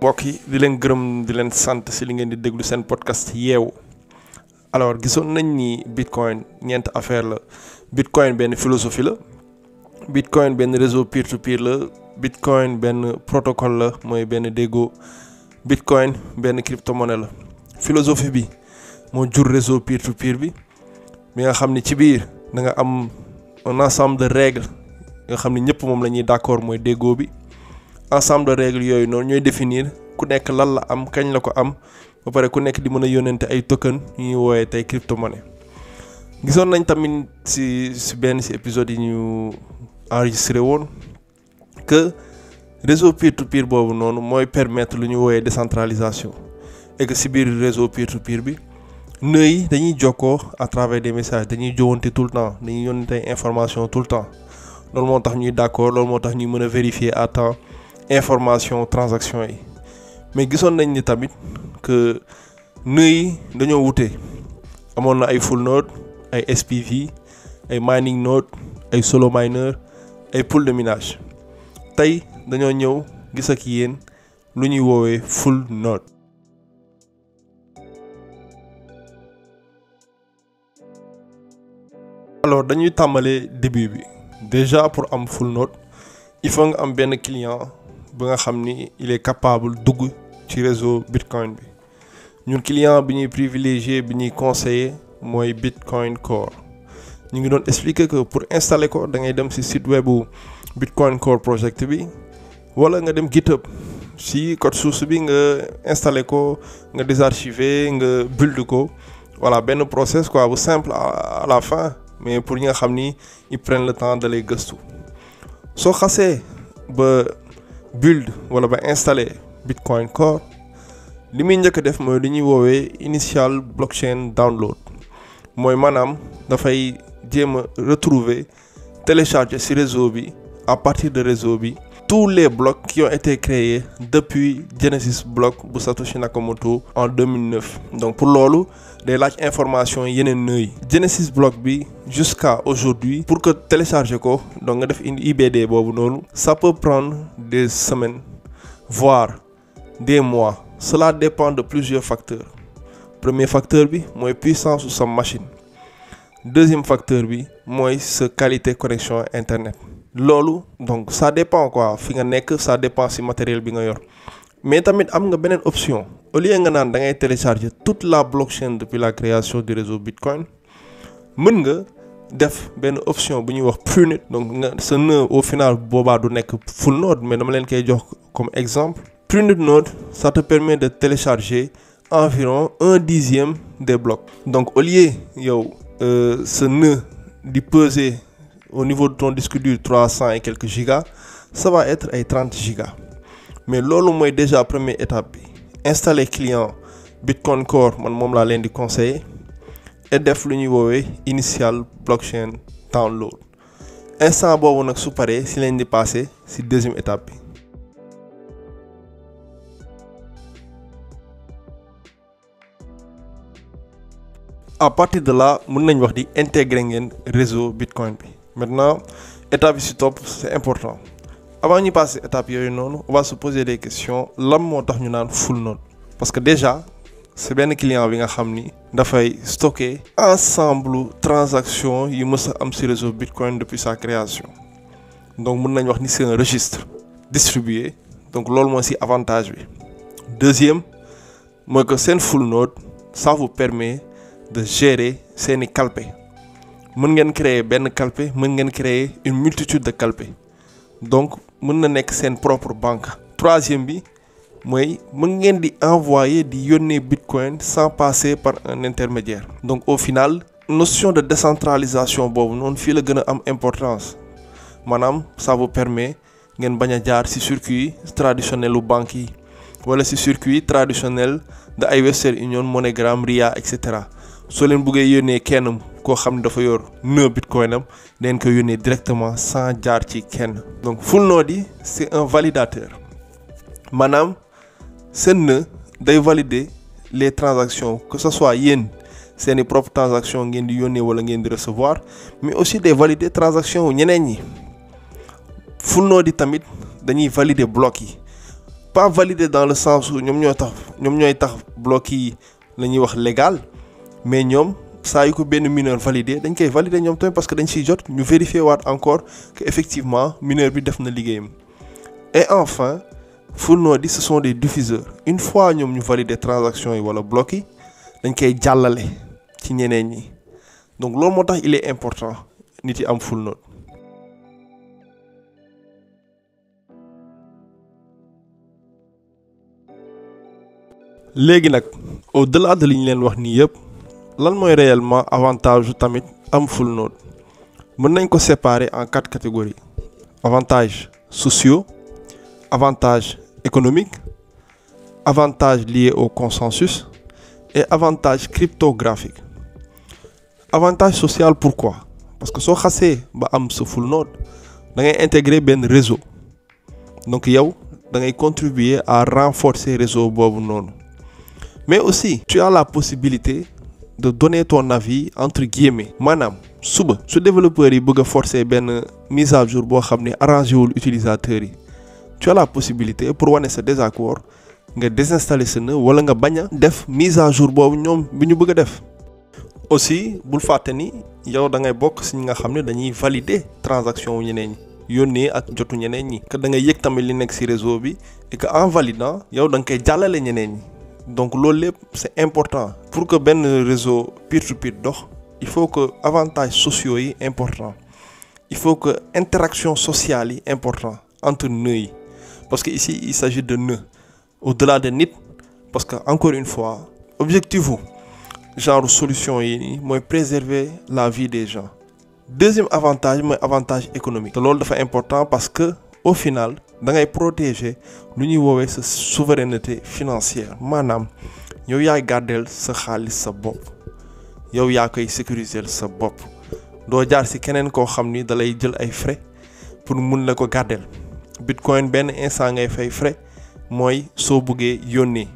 mbokk yi di leen gërëm di leen sant si li ngeen di déglu seen podcast yeewu alors gisoon nañ ni bitcoin ñeent affaire la bitcoin benn philosophie la bitcoin benn réseau peer to peer la bitcoin benn protocole la mooy benn déggoo bitcoin benn cryptomonnaie la philosophie bi moo jur réseau peer to peer bi mi nga xam ni ci biir da nga am un ensemble de nga xam ni ñëpp moom la ñuy d'accord mooy déggoo bi. ensemble de règles yooyu noonu ñooy définir ku nekk lan la am kañ la ko am ba pare ku nekk di mën a yónnante ay token yu ñuy woowee tey cryptomonnaie gisoon nañ tamit si si benn si épisode yi ñu enregistré woon que réseau peer to boobu noonu mooy permettre lu ñu woowee décentralisation et si biir réseau peer to peer bi nœuds yi dañuy jokkoo à travers des messages dañuy jowante tout le temps dañuy yónnante ay information tout le temps loolu moo tax ñuy d'accord loolu moo tax ñuy mën a vérifier à temps information transaction yi mais gisoon nañ ni tamit que nœud yi dañoo wute amoon na ay full node ay SPV ay mining node ay solo miner ay pool de minage tey dañoo ñëw gis ak yéen lu ñuy woowee full node. alors dañuy tàmbalee début bi déjà pour am full node il faut nga am benn client. ba nga xam ni il est capable dugg ci réseau bitcoin bi ñun client bi ñuy privilégié bi ñuy conseiller mooy bitcoin core ñu ngi doon explique que pour installer ko da ngay dem ci site webu bitcoin core project bi wala nga dem GitHub si code source bi nga installé ko nga désarchiver nga build ko voilà benn process quoi bu simple à la fin mais pour ñi nga xam ni ils prennent le temps da lay gëstu soo xasee ba. build wala ba installer Bitcoin Core li muy njëkk def mooy li ñuy woowee initial blockchain download mooy maanaam dafay jéem a retrouver télécharger ci réseau bi à partir de réseau bi tous les blocs qui ont été créés depuis Genesis block bu Satoshi Nakamoto en donc pour loolu day laaj information yeneen nœud yi Genesis block bi jusqu'à aujourd'hui pour que télécharger ko donc nga def indi IBD boobu noonu ça peut prendre des semaines voire des mois cela dépend de plusieurs facteurs premier facteur bi mooy puissance su sa machine deuxième facteur bi mooy sa qualité connexion internet loolu donc ça dépend quoi fi nga nekk ça dépend si matériel bi nga yor mais tamit am nga beneen option au lieu nga naan da ngay télécharger toute la blockchain depuis la création du réseau Bitcoin mën nga def benn option bu ñuy wax prunit donc nga sa nœud au final boobaa du nekk full node mais dama leen koy jox comme exemple prunit node ça te permet de télécharger environ un dixième des blocs donc au lieu yow euh, sa nœud di peser au niveau de ton disque dur trois cent et quelques gigas ça va être ay trente gigas mais loolu mooy déjà premier étape bi installé client Bitcoin Core man moom laa leen di conseiller et def lu ñuy woowee initial blockchain download instant boobu nag su paree ci leen di passé si deuxième étape bi. à partir de là mën nañu wax di intégrer ngeen réseau Bitcoin bi maintenant étape bi si topp c'est important. avant ñu passer étape yooyu noonu on va se poser des questions lan moo tax ñu naan full node parce que déjà c'est benn client bi nga xam ni dafay stocker ensemble transaction yu mës a am ci réseau Bitcoin depuis sa création donc mën nañu wax ni seen un registre distribué donc loolu mooy si avantage bi deuxième mooy que seen full node ça vous permet de gérer seeni calpe mën ngeen créer benn calpe mën ngeen créer une multitude de calpe donc mën na nekk seen propre banque troisième bi mooy mën ngeen di envoyer di yónnee bitcoin sans passer par un intermédiaire donc au final notion de décentralisation boobu noonu fii la gën a am importance maanaam ça vous permet ngeen bañ a jaar ci circuit traditionnel u banque yi wala ci circuit traditionnel de ay Western Union MoneyGram Ria et cetera soo leen buggee yónnee kenn koo xam ne dafa yor nœud bitcoin am dañ ko yónnee directement sans jaar ci kenn. donc full node yi c'est un validateur maanaam seen nœud day valider les transactions que ce soit yéen seeni propre transaction ngeen di yónnee wala ngeen di recevoir mais aussi day valider transaction wu ñeneen ñi full node yi tamit dañuy valider bloc yi pas valider dans le sens où ñoom ñooy tax ñoom ñooy tax bloc yi la ñuy wax légal mais ñoom. saa yu ko benn mineur validé dañ koy validé ñoom tamit parce que dañ siy jot ñu vérifier waat encore que effectivement mineur bi def na liggéeyam et enfin fournodi ce sont des diffuseurs une fois ñoom ñu valider transaction yi wala bloc yi dañ koy jàllale ci ñeneen yi donc loolu moo tax il important nit yi am full léegi nag au delà de li ñu leen wax nii yëpp. lan mooy réellement avantage tamit am full node mën nañ ko séparer en quatre catégories avantages sociaux avantage économique avantage liés au consensus et avantage cryptographiques avantage social pourquoi parce que soo xasee ba am sa full node da ngay intégrer benn réseau donc yow da ngay contribuer à renforcer réseau boobu noonu mais aussi tu la possibilité de donner ton avis entre guillemets maanaam suba su développeur yi bëgg a forcer benn mise à jour boo xam ne arrangé wul utilisateur yi tu la possibilité pour wane sa désaccord nga désinstaller sa nœud wala nga bañ a def mise à jour boobu ñoom bi ñu bëgg a def. aussi bul fàtte ni yow da ngay bokk si ñi nga xam ne dañuy valider transaction wu ñeneen ñi yónnee ak jotu ñeneen ñi. que da ngay yëg tamit li nekk si réseau bi et que en validant yow da nga koy jàllale ñeneen ñi. donc loolu lépp c'est important pour que benn réseau peer to peer dox il faut que avantage sociaux yi important il faut que interaction sociale yi important entre nœuds yi parce que ici il s'agit de nœuds au-delà de nit parce que encore une fois objectif u genre solution yi mooy préserver la vie des gens deuxième avantage mooy avantage économique loolu dafa important parce que au final da ngay protéger lu ñuy woowee sa souveraineté financière maanaam yow yaay gàddeel sa xaalis sa bopp yow yaa koy sécuriser sa bopp doo jaar si keneen koo xam ni dalay jël ay frais pour mun la ko gàddeel bitcoin benn instant ngay fay frais mooy soo buggee yónnee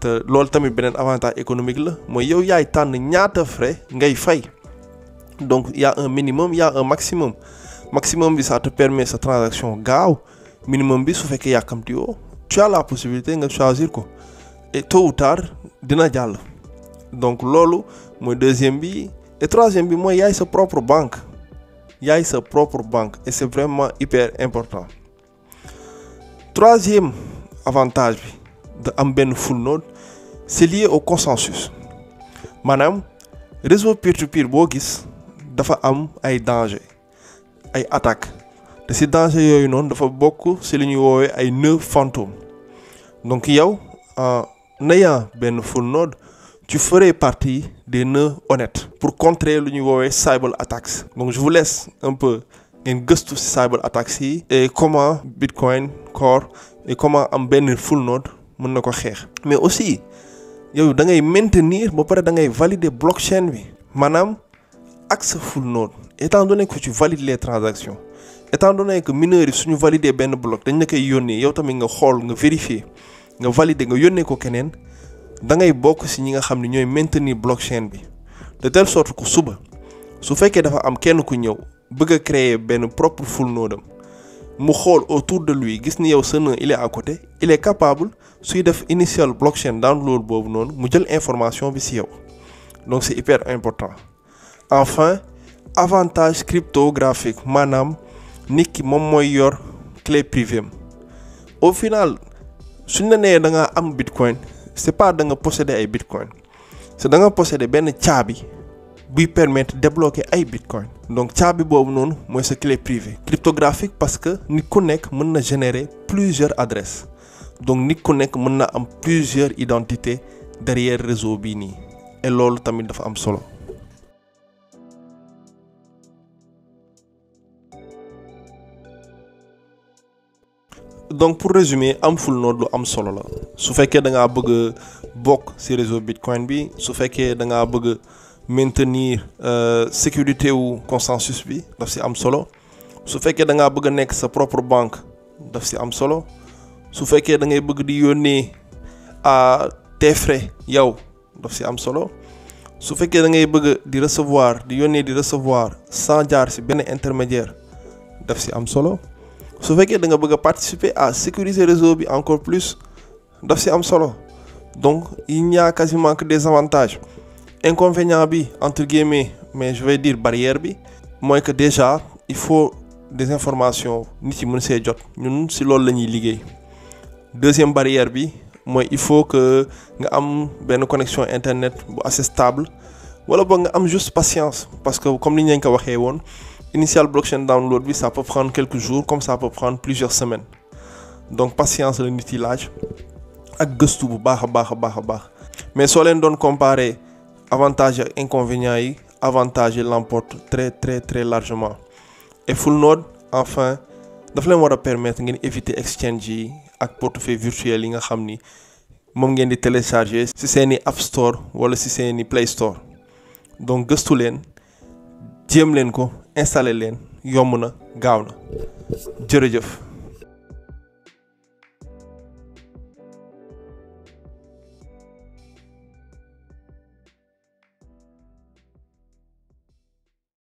te loolu tamit beneen avantage économique la mooy yow yaay tànn ñaata frais ngay fay donc y a un minimum y a un maximum maximum bi ça te permet sa transaction gaaw minimum bi su fekkee yàkkamti woo tu as la possibilité nga choisir ko te tôt ou tard dina jàll donc loolu mooy deuxième bi te troisième bi mooy yaay sa propre banque yaay sa propre banque et c'est vraiment hyper important troisième avantage bi da am benn full node c'est lié au consensus maanaam réseau peer to peer boo gis dafa am ay danger ay attaques si danger yooyu noonu dafa bokk si lu ñuy woowee ay nœud fantôme donc yow en ayant benn full node ci ferais partie des nœuds honnêtes pour contrer lu ñuy woowee cyber attacks donc je vous laisse un peu ngeen gëstu si cyber attacks yi et comment Bitcoin Core e comment am benn full node mën na ko xeex mais aussi yow da ngay maintenir ba pare da ngay valider blockchain bi maanaam ak sa full node étant donné que tu valides les transactions étant donné que mineurs yi suñu valider benn bloc dañu la koy yónnee yow tamit nga xool nga vérifier nga valider nga yónnee ko keneen da ngay bokk ci ñi nga xam ne ñooy maintenir blockchain bi de telle sort que suba su fekkee dafa am kenn ku ñëw bëgg a créer benn propre full node mu xool autour de lui gis ni yow sa nœud il est à côté il est capable suy def initial blockchain download boobu noonu mu jël information bi si yow donc c'est hyper important enfin avantage cryptographique maanaam. nit ki moom mooy yor clé privée au final suñ la nee da nga am bitcoin c'est pas da nga posséder ay bitcoin c'est danga nga posséder benn caabi buy permettre débloquer ay bitcoin donc caabi boobu noonu mooy sa clé privée cryptographique parce que nit ku nekk mën na générer plusieurs adresses donc nit ku nekk mën na am plusieurs identités derrière réseau bii nii et loolu tamit dafa am solo donc pour résumer am full node lu am solo la su fekkee da ngaa bëgg a bokk ci réseau bitcoin bi su fekkee dangaa ngaa bëgg a maintenir euh, sécurité wu consensus bi daf si am solo su fekkee da ngaa bëgg a nekk sa propre banque daf ci am solo su fekkee da ngay bëgg di yónnee à tes frais yow daf si am solo su fekkee da ngay bëgg di recevoir di yónnee di recevoir sans jaar si benn intermédiaire daf si am solo. su fekkee da nga bëgg a participer à sécuriser réseau bi encore plus daf si am solo donc il n'y a quasiment que des avantages inconvénient bi entre guillemets mais je vais dire barrière bi mooy que déjà il faut des informations nit yi mën see jot ñun si loolu la ñuy liggéey deuxième barrière bi mooy il faut que nga am benn connection internet bu assez stable wala boo nga am juste patience parce que comme li ñu leen ko waxee woon. initial blockchain download bi sa peut prendre quelques jours comme ça peut prendre plusieurs semaines donc patience la nit yi laaj ak gëstu bu baax a baax a baax a baax mais soo leen doon comparer avantage ak inconvénients yi avantage yi l'emporte très très très largement et full node enfin daf leen war a permettre ngeen éviter exchange yi ak portefeuille virtuel yi nga xam ni moom ngeen di télécharger ci seeni app store wala ci seeni play store donc gëstu leen jéem leen ko installé leen yomb na gaaw na jërëjëf